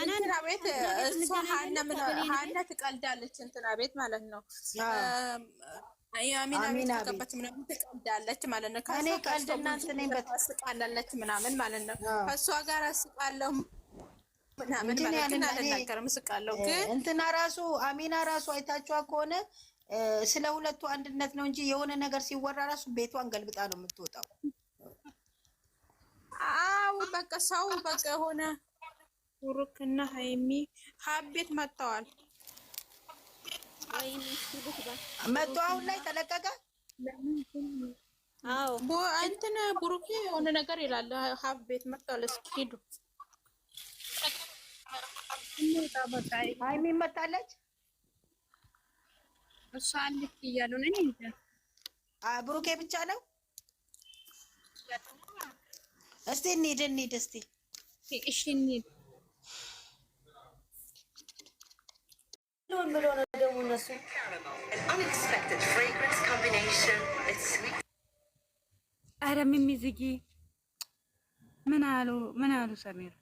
እንትና ቤት እሷ ትቀልዳለች። እንትና ቤት ማለት ነው ምናምን ትቀልዳለች ማለት ነው። ከእኔ ምናምን ማለት ነው። ከእሷ ጋር ምናምን ማለት አልናገርም ግን እንትና ራሱ አሚና ራሱ አይታችኋ ከሆነ ስለ ሁለቱ አንድነት ነው እንጂ የሆነ ነገር ሲወራ ራሱ ቤቷን ገልብጣ ነው የምትወጣው። አዎ በቃ ሰው በቃ የሆነ ብሩክ እና ሀይሚ ሀቤት መጥተዋል። መጥቶ አሁን ላይ ተለቀቀ። አዎ እንትን ብሩክ የሆነ ነገር ይላል። ሀቤት መጥተዋል። እስኪ ሂዱ። ሀይሚ እሷ አለች እያሉ ነኝ። ብሩኬ ብቻ ነው። እስቲ እንሂድ እንሂድ። እስቲ እሺ እንሂድ ብለው ነው ደግሞ እነሱ አረ ሚሚ ዝጊ ምን አሉ ምን አሉ ሰሚር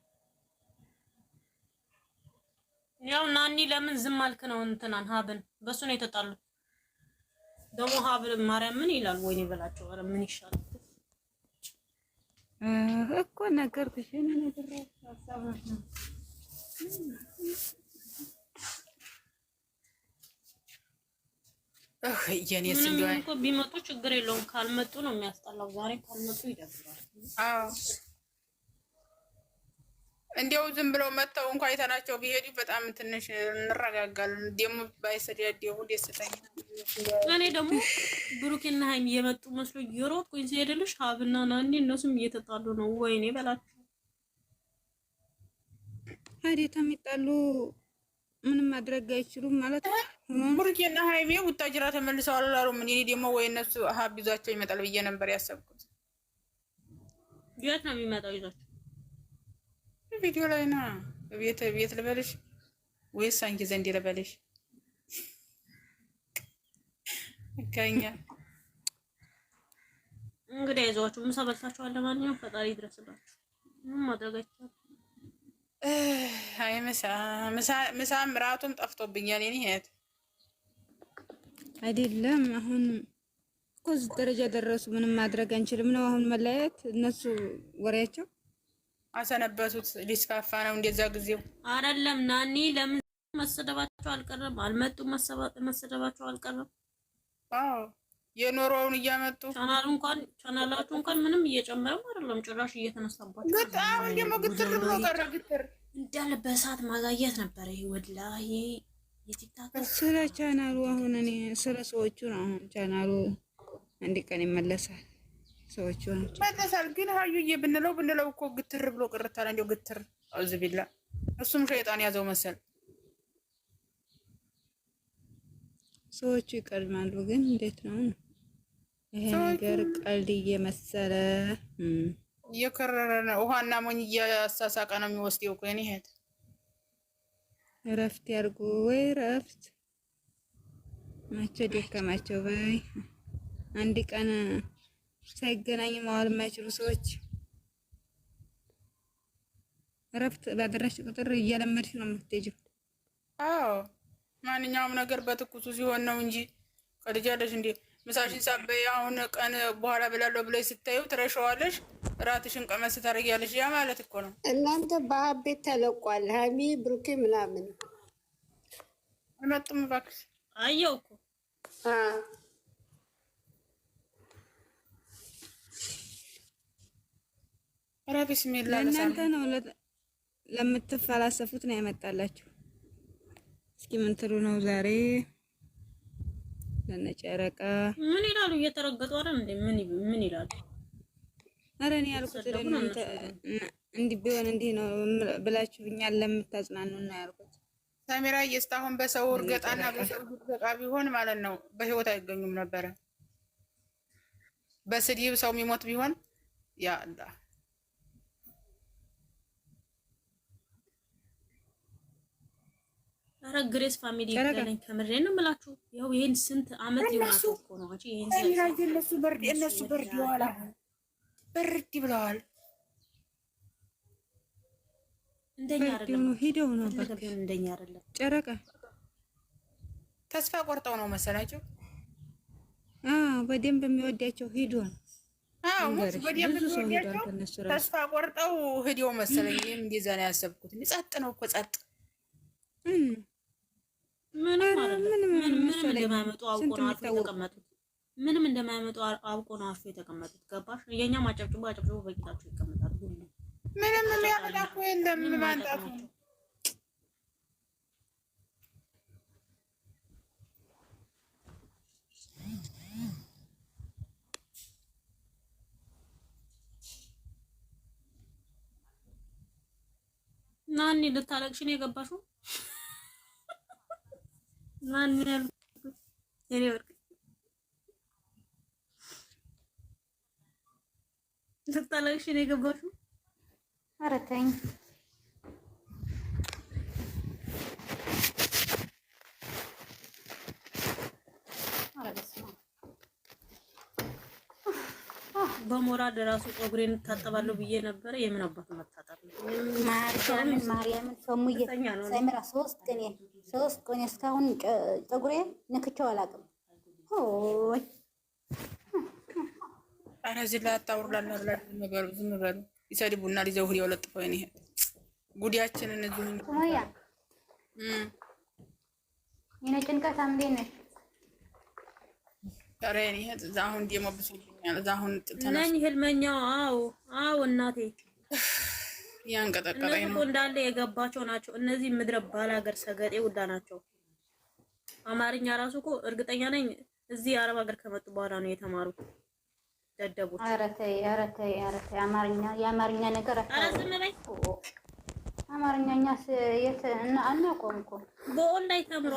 ያው ናኒ ለምን ዝም አልክ ነው እንትናን ሀብን በሱ ነው የተጣሉት ደግሞ ሀብ ማርያም ምን ይላል ወይኔ በላቸው ኧረ ምን ይሻላል እኮ ነገርኩሽ እኔ ነገር ምንም እኮ ቢመጡ ችግር የለውም። ካልመጡ ነው የሚያስጠላው። ዛሬ ካልመጡ ይደብራል። እንዲያው ዝም ብለው መጥተው እንኳ አይተናቸው ቢሄዱ በጣም ትንሽ እንረጋጋለን። ደግሞ ባይሰዳደቡ ደስተኛ እኔ ደግሞ ብሩኬና ሀይሚ የመጡ መስሎ እየሮጥኩኝ ሲሄድልሽ ሀብና ናኒ እነሱም እየተጣሉ ነው። ወይኔ በላቸው ሀዴታ የሚጣሉ ምንም ማድረግ አይችሉም ማለት ነው። ሙርጌና ሀይሜ ውታጅራ ተመልሰው አላሉም። እኔ ደግሞ ወይ እነሱ ሀብ ይዟቸው ይመጣል ብዬ ነበር ያሰብኩት። የት ነው የሚመጣው? ይዟቸው ቪዲዮ ላይ ና ቤት ቤት ልበልሽ ወይስ አንቺ ዘንድ ልበልሽ? ከኛ እንግዲህ አይዟችሁ፣ ምሳ በልታችኋል። ለማንኛውም ፈጣሪ ይድረስላችሁ። ምንም ማድረግ አይቻልም። አይ ምሳ ምሳ ምሳ ራቱም ጠፍቶብኛል የኔ እህት አይደለም አሁን እኮ እዚህ ደረጃ ደረሱ። ምንም ማድረግ አንችልም ነው አሁን መለያየት። እነሱ ወሬያቸው አሰነበቱት። ሊስፋፋ ነው እንደዛ ጊዜው አይደለም። ናኒ ለምን መሰደባቸው አልቀረም? አልመጡም መሰደባቸው አልቀረም። አዎ የኖሮውን እያመጡ ቻናሉ እንኳን ቻናላቱ እንኳን ምንም እየጨመረም አይደለም፣ ጭራሽ እየተነሳባቸው በጣም ደግሞ ግትር ብሎ ቀረ። ግትር እንዳለ በእሳት ማጋየት ነበር ይሄ ወላሂ ስለ ቻናሉ አሁን እኔ ስለ ሰዎቹ ነው። አሁን ቻናሉ አንድ ቀን ይመለሳል። ሰዎቹ መለሳል። ግን ሀዩዬ ብንለው ብንለው እኮ ግትር ብሎ ቅርታል። እንዲያው ግትር አውዝ ቢላ እሱም ሸይጣን ያዘው መሰል። ሰዎቹ ይቀድማሉ። ግን እንዴት ነው ይሄ ነገር? ቀልድ እየመሰለ እየከረረ ነው። ውሃና ሞኝ እያሳሳቀ ነው የሚወስድ እኮ የኔ እረፍት ያርጉ ወይ እረፍት ናቸው። ደከማቸው በይ አንድ ቀን ሳይገናኝ መዋል የማይችሉ ሰዎች እረፍት ባደረሽ ቁጥር እያለመድሽ ነው የምትሄጂው። አዎ ማንኛውም ነገር በትኩሱ ሲሆን ነው እንጂ ከልጃለሽ እንዴ ምሳሽን ሳበይ አሁን ቀን በኋላ ብላለሁ ብለሽ ስታዩ ትረሻዋለሽ። ራትሽን ቀመስ ታደርጊያለሽ። ያ ማለት እኮ ነው እናንተ በሀብ ተለቋል። ሀሚ ብሩኬ ምናምን አልመጡም። እባክሽ አየሁ እኮ ለእናንተ ነው ለምትፈላሰፉት ነው ያመጣላችሁ። እስኪ ምን ትሉ ነው ዛሬ ለነጨረቀ ምን ይላሉ? እየተረገጡ አይደል እንዴ? ምን ይላሉ? ኧረ እኔ ያልኩት እናንተ እንዲህ ቢሆን እንዲህ ነው ብላችሁ ብኛል ለምታጽናኑ እና ያልኩት ሳሜራ እስካሁን በሰው እርገጣና በሰው እርገጣ ቢሆን ማለት ነው በህይወት አይገኙም ነበረ። በስድብ ሰው የሚሞት ቢሆን ያ አላህ ኧረ ግሬስ ፋሚሊ ብለናኝ ከምሬ ነው የምላችሁ። ይኸው ይሄን ስንት አመት ይሆናል እኮ ነው እነሱ በርድ እነሱ ብርድ ብለዋል። እንደኛ አይደለም፣ ሄደው ነው እንደኛ ተስፋ ቆርጠው ነው መሰላቸው። በደንብ የሚወዳቸው ሄዶ ተስፋ ቆርጠው ሄደው መሰለኝ። እኔም እንደዛ ነው ያሰብኩት። ጸጥ ነው እኮ ጸጥ ምንም ምንም ምንም ለማመጡ አውቆ ነው የተቀመጡት ምንም እንደማያመጡ አውቆ ነው አፉ የተቀመጡት። ገባሽ? የኛም አጨብጭቦ አጨብጭቦ በጌታቸው ይቀመጣሉ። ሁሉ ምንም የሚያመጣፉ የለም። ማንጣፉ ናኒ ልታለቅሽ ነው የገባሽው ናኒ ያልኩት የኔ ወርቅ ልታለቅሽ ነው የገባሽው? ኧረ ተኝ። በሞራል ራሱ ፀጉሬን እታጠባለሁ ብዬ ነበረ። የምን አባት መታጠብ ነው? ማርያምን ማርያምን ሰሙዬ ሳይመራ ሶስት ቀን ሶስት ቀን እስካሁን ፀጉሬ ንክቼው አላውቅም። አረ ዝላ አታውሩላና ብላችሁ ዝም በሉ። ይሰድቡና ሊዘውር የወለጥፈው ይሄ ጉዲያችንን እዚሁ ሱመያ የኔ ጭንቀት አምዴ ነሽ። ኧረ የኔ እህት እዛ አሁን ደሞብሶልኛል። እዛ አሁን ነኝ ህልመኛው። አዎ አዎ፣ እናቴ ያንቀጠቀጠኝ ነው እንዳለ የገባቸው ናቸው እነዚህ ምድረ ባላገር ሰገጤ ውዳ ናቸው። አማርኛ ራሱ እኮ እርግጠኛ ነኝ እዚህ የአረብ ሀገር ከመጡ በኋላ ነው የተማሩት። ደደቦች። ኧረ ተይ ኧረ ተይ ኧረ ተይ አማርኛ የአማርኛ ነገር አማርኛኛ የት አናውቀውም እኮ በኦንላይን ተምሮ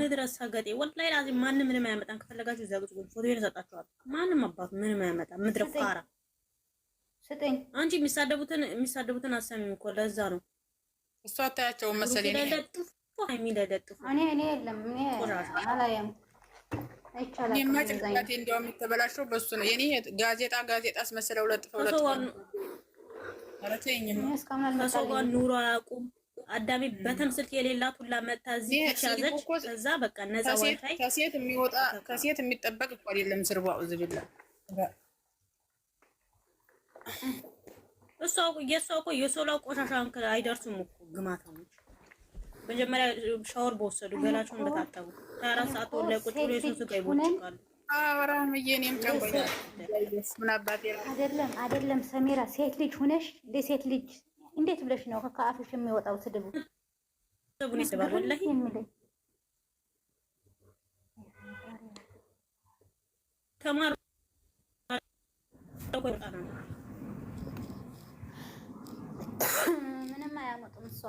መድረስ ሰገጤ ወላሂ ላዚም ማንም ምንም አያመጣም። ከፈለጋችሁ እዛ ቁጭ ፎቶ ሰጣችኋል። ማንም አባቱ ምንም አያመጣም። ምድረ ፋራ ስጠኝ። አንቺ የሚሳደቡትን የሚሳደቡትን አሰሚም እኮ ለዛ ነው እሷ አታያቸውም መሰለኝ። ለለጥፉ የሚለለጥፉ እኔ እኔ የለም እኔ አላየም እኔማ እንዲያውም የተበላሸው በሱ ነው። የኔ ጋዜጣ ጋዜጣ አስመስለው ለጥፈው ኑሮ አያውቁም። አዳሚ በተን ስልክ የሌላት ሁላ መታ እዚህ ከዛ በቃ ነፃ ከሴት የሚወጣ ከሴት የሚጠበቅ እኮ አይደለም ዝብላ እሷ የእሷ እኮ የሶላው ቆሻሻ አይደርሱም እኮ ግማታ ነው መጀመሪያ ሻወር በወሰዱ ገላቸውን እንደታጠቡ አራት ሰዓት ወለ ቁጭ ብሎ የሱስ ጋር ይቦጭቃሉ። አይደለም አይደለም፣ ሰሜራ ሴት ልጅ ሁነሽ ለሴት ልጅ እንዴት ብለሽ ነው ከአፍሽ የሚወጣው ስድቡ? ምንም አያመጡም እሷ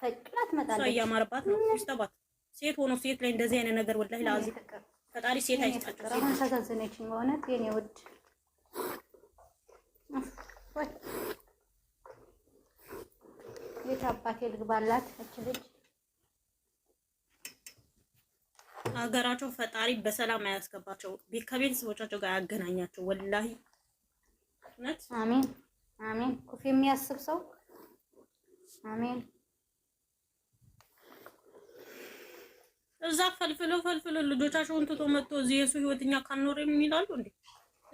ፈቅላ ትመጣለች። ሰው እያማረባት ነው ሴት ሆኖ ሴት ላይ እንደዚህ አይነት ነገር ወላሂ ለአዚ ፈጣሪ ሴት አሁን የኔ ውድ የት አባቴ ልግባላት እች ልጅ። ሀገራቸው ፈጣሪ በሰላም አያስገባቸው፣ ከቤተሰቦቻቸው ጋር ያገናኛቸው። ወላሂ እውነት አሜን አሜን። ኩፍ የሚያስብ ሰው አሜን እዛ ፈልፍለው ፈልፍለው ልጆቻቸውን ትቶ መጥቶ እዚህ የሱ ህይወት እኛ ካልኖር የሚላሉ እንዴ?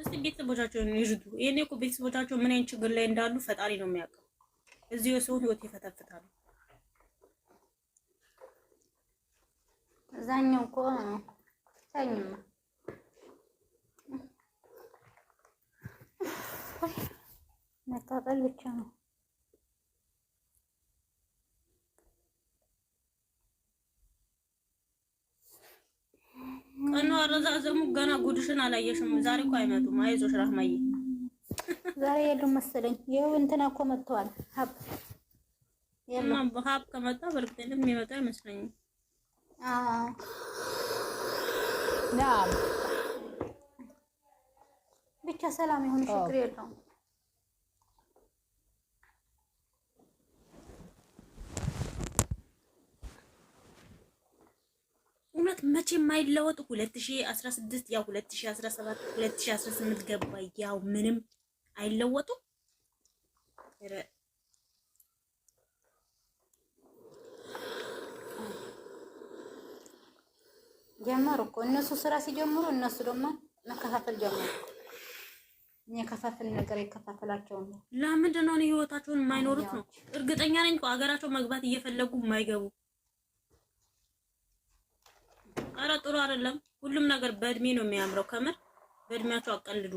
እስቲ ቤተሰቦቻቸውን ይርዱ። ይሄኔ እኮ ቤተሰቦቻቸው ምን አይነት ችግር ላይ እንዳሉ ፈጣሪ ነው የሚያውቀው። እዚህ የሰውን ህይወት ይፈተፍታሉ። እዛኛው እኮ ታኝማ መታጠል ብቻ ነው። ቀኑ አረዛዘሙ ገና ጉድሽን አላየሽም። ዛሬ እኮ አይመጡም። አይዞሽ ራህማዬ፣ ዛሬ የሉም መሰለኝ። ይኸው እንትና እኮ መጥተዋል። ሀብ የማን በሀብ ከመጣ በርግጥ የሚመጣ አይመስለኝም። ብቻ ሰላም ይሁን። ችግር የለውም። እውነት መቼ የማይለወጥ 2016 ያው 2017 2018 ገባ ያው ምንም አይለወጡም። ጀመሩ እኮ እነሱ ስራ ሲጀምሩ እነሱ ደግሞ መከፋፈል ጀመሩ። የከፋፈል ነገር ይከፋፈላቸው ነው። ለምንድን ነው ህይወታቸውን የማይኖሩት ነው? እርግጠኛ ነኝ እኮ ሀገራቸው መግባት እየፈለጉ የማይገቡ ኧረ ጥሩ አይደለም። ሁሉም ነገር በእድሜ ነው የሚያምረው። ከምር በእድሜያቸው አቀልዱ።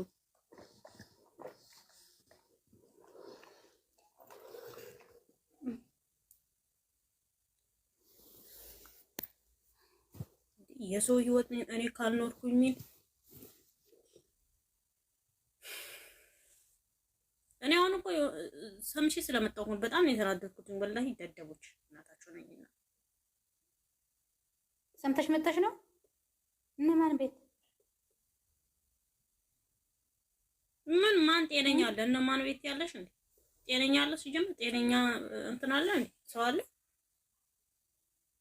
የሰው ህይወት እኔ ካልኖርኩኝ ሚል እኔ አሁን እኮ ሰምቼ ስለመጣሁ በጣም ነው የተናደድኩት። ወላሂ ይደደቦች ሰምተሽ መተሽ ነው። እነማን ቤት ምን ማን ጤነኛ አለ? እነማን ቤት ያለሽ እንዴ? ጤነኛ አለ? ሲጀምር ጤነኛ እንትን አለ እንዴ? ሰው አለ?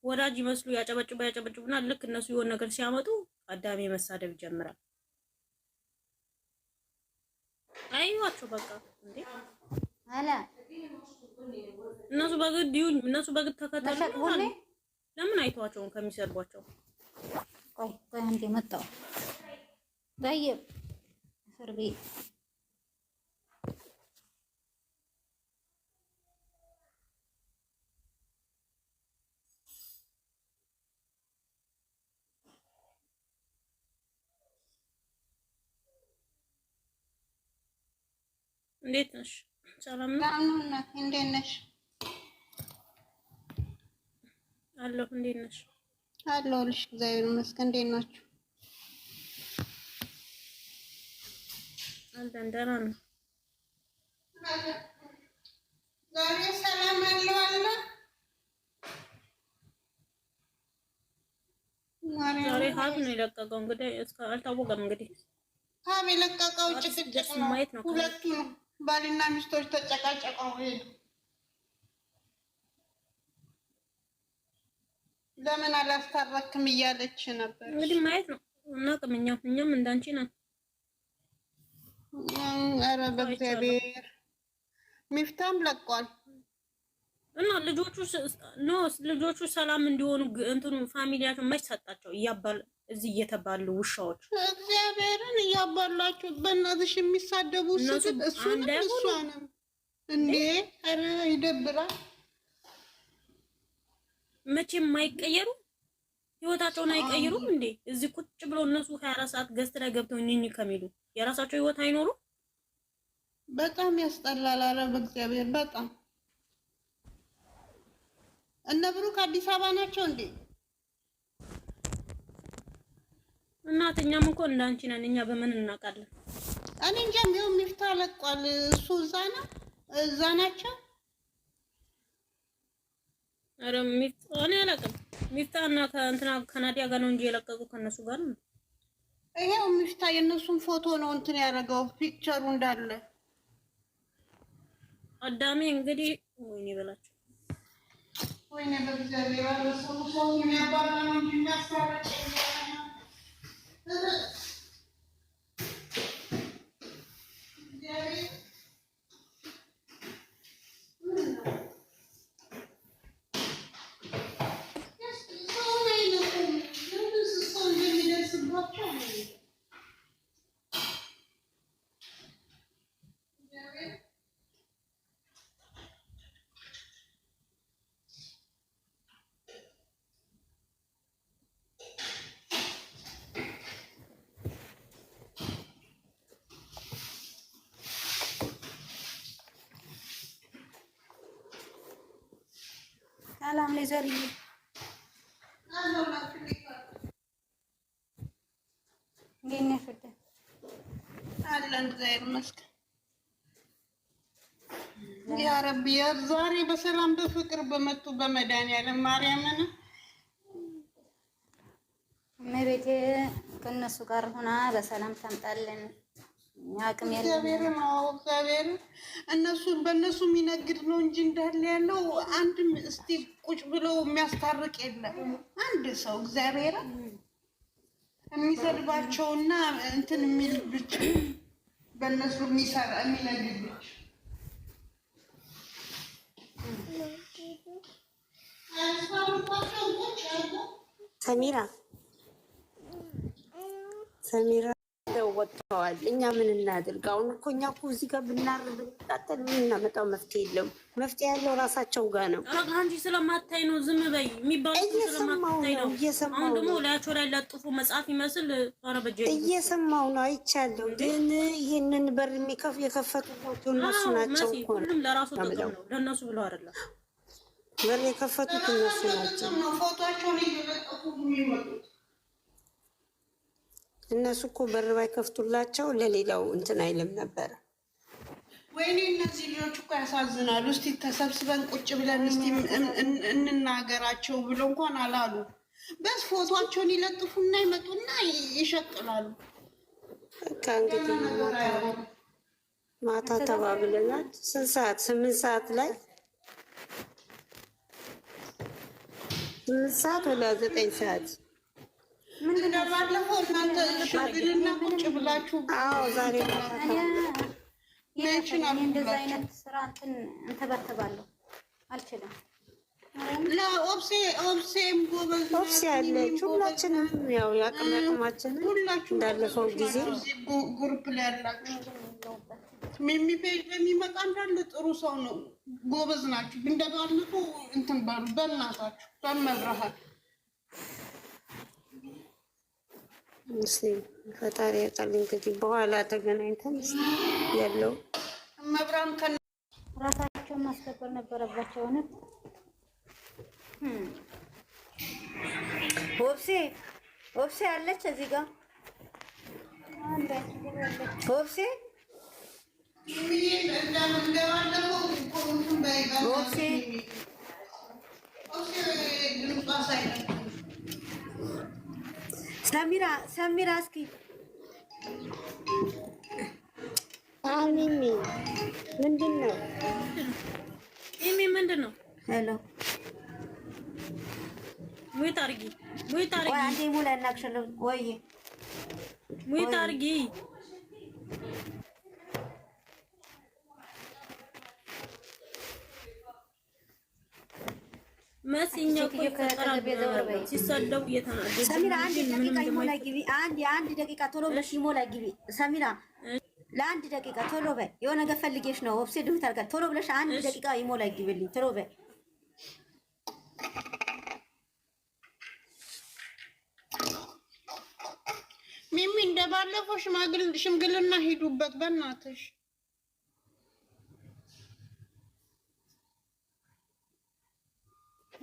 ወዳጅ ይመስሉ ያጨበጭቡ ያጨበጭቡና ልክ እነሱ የሆነ ነገር ሲያመጡ አዳሚ መሳደብ ይጀምራል። አይዋቸው በቃ እንዴ አላ እነሱ በግድ ይሁን እነሱ በግድ ተከታተሉ ለምን አይተዋቸውም ከሚሰርቧቸው? ቆይ ቆይ አንዴ መጣሁ። ጠይብ እስር ቤት እንዴት ነሽ? ሰላም ነው። እንዴት ነሽ? አለሁ። እንዴት ነሽ? አለሁልሽ። እግዚአብሔር ይመስገን። እንዴት ናችሁ? አለን ደህና ነው። ዛሬ ሰላም አለው አለ። ዛሬ ሀብ ነው የለቀቀው። እንግዲህ እስከ አልታወቀም። እንግዲህ ሀብ የለቀቀው ጭቅጭቅ ነው። ሁለቱ ባልና ሚስቶች ተጨቃጨቀው ሄዱ። ለምን አላስታረክም እያለች ነበር። እንግዲህ ማየት ነው እናውቅም። እኛ እኛም እንዳንቺ ነን። ኧረ በእግዚአብሔር ሚፍታም ለቋል እና ልጆቹ ኖ ልጆቹ ሰላም እንዲሆኑ እንትኑ ፋሚሊያቸው መች ሰጣቸው? እያባል እዚህ እየተባሉ ውሻዎች እግዚአብሔርን እያባላቸው በእናትሽ የሚሳደቡ እሱንም እሷንም እንዴ! ኧረ ይደብራል። መቼም የማይቀየሩ ህይወታቸውን አይቀይሩም እንዴ? እዚህ ቁጭ ብሎ እነሱ 24 ሰዓት ገዝት ላይ ገብተው እኝኝ ከሚሉ የራሳቸው ህይወት አይኖሩም። በጣም ያስጠላል። ኧረ በእግዚአብሔር በጣም እነ ብሩክ አዲስ አበባ ናቸው እንዴ? እናት እኛም እኮ እንዳንቺ ነን። እኛ በምን እናውቃለን? እኔ እንጃ። የሚፍታ ለቋል። እሱ እዛ ነው፣ እዛ ናቸው ኧረ እኔ አላውቅም። ሚፍታ እና ከእንትና ከናዲያ ጋር ነው እንጂ የለቀቁ ከእነሱ ጋር ነው። ይሄው ሚፍታ የእነሱን ፎቶ ነው እንትን ያደረገው ፒክቸሩ እንዳለ አዳሜ እንግዲህ ወይኔ በላቸው ወይኔ ሰላም ለዘርዬ ያ ረቢ ዛሬ በሰላም በፍቅር በመጡ በመድኃኒዓለም ማርያምን እመቤቴ ከእነሱ ጋር ሆና በሰላም ታምጣልን። አቅም እግዚአብሔር እነሱ በእነሱ የሚነግድ ነው እንጂ እንዳለ ያለው አንድም እስቲ ቁጭ ብለው የሚያስታርቅ የለም። አንድ ሰው እግዚአብሔር የሚሰድባቸውና እንትን የሚል ብቻ በእነሱ የሚሰራ የሚነግድ ብቻ ሰሚራ ሰሚራ ወጥተዋል። እኛ ምን እናድርግ አሁን? እኮ እኛ እኮ እዚህ ጋር ብናርብ ምን እናመጣው? መፍትሄ የለም። መፍትሄ ያለው ራሳቸው ጋር ነው። አንቺ ስለማታይ ነው ዝም በይ የሚባሉ ስለማታይ ነው። ነው። አሁን ደግሞ ላያቸው ላይ ለጥፎ መጽሐፍ ይመስል ረበጀ እየሰማው ነው አይቻለሁ። ግን ይህንን በር የሚከፍ የከፈቱ የከፈቱት እነሱ ናቸው። ሁሉም ለራሱ ጥቅም ነው፣ ለእነሱ ብለው አይደለም። በር የከፈቱት እነሱ ናቸው። ፎቶቸውን እየለጠፉ የሚመጡት እነሱ እኮ በር ባይከፍቱላቸው ለሌላው እንትን አይልም ነበረ። ወይኔ እነዚህ ልጆች እኮ ያሳዝናሉ። እስቲ ተሰብስበን ቁጭ ብለን እስቲ እንናገራቸው ብሎ እንኳን አላሉ። በስ ፎቷቸውን ይለጥፉና ይመጡና ይሸቅላሉ። በቃ ማታ ተባብለናል። ስንት ሰዓት? ስምንት ሰዓት ላይ ስምንት ሰዓት ወደ ዘጠኝ ሰዓት ባለፈው እናንተ ሽግልና ቁጭ ብላችሁ ዛሬ እንደዚህ አይነት ስራ እንትን እንተባተባለሁ አልችልም። ለኦብሴ ኦብሴም ጎበዝ ኦብሴ አለች። ሁላችንም ያው የአቅም አቅማችንን እንዳለፈው ጊዜ ጉሩፕ ላይ ያላችሁ ሚሚ ፔጅ የሚመጣ እንዳለ ጥሩ ሰው ነው፣ ጎበዝ ናችሁ። እንደባለፈው እንትን ባሉ በእናታችሁ በመብረሃል ምስሌ ፈጣሪ ያውቃል። እንግዲህ በኋላ ተገናኝተን ያለው መብራም ከነ ራሳቸውን ማስከበር ነበረባቸው። እውነት ወብሴ ወብሴ አለች እዚህ ጋር ወብሴ ወብሴ ሰሚራ ሰሚራ እስኪ ሚሚ ምንድን ነው? ሚሚ ምንድን ነው? ሄሎ ሙይት አድርጊ ሙይት አድርጊ ሙለናክሽለ ወይ ሙይት አድርጊ አንድ ደቂቃ ይሞላ ግቢ። አንድ ደቂቃ ግቢ። ሰሚራ ለአንድ ደቂቃ ቶሎ በይ። የሆነ ነገር ፈልጌሽ ነው። ድምፅ አድርጋ ቶሎ ብለሽ አንድ ደቂቃ ግቢልኝ። ቶሎ በይ። ሚሚ ሽምግልና ሂዱበት በእናትሽ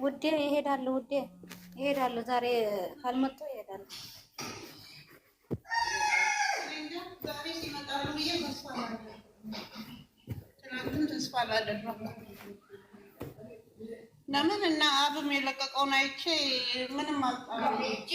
ውዴ ይሄዳሉ፣ ውዴ ይሄዳሉ። ዛሬ ካልመጡ ይሄዳሉ። ተስፋ አላደረኩም። ለምን እና አብም የለቀቀውን አይቼ ምንም አልጣለች።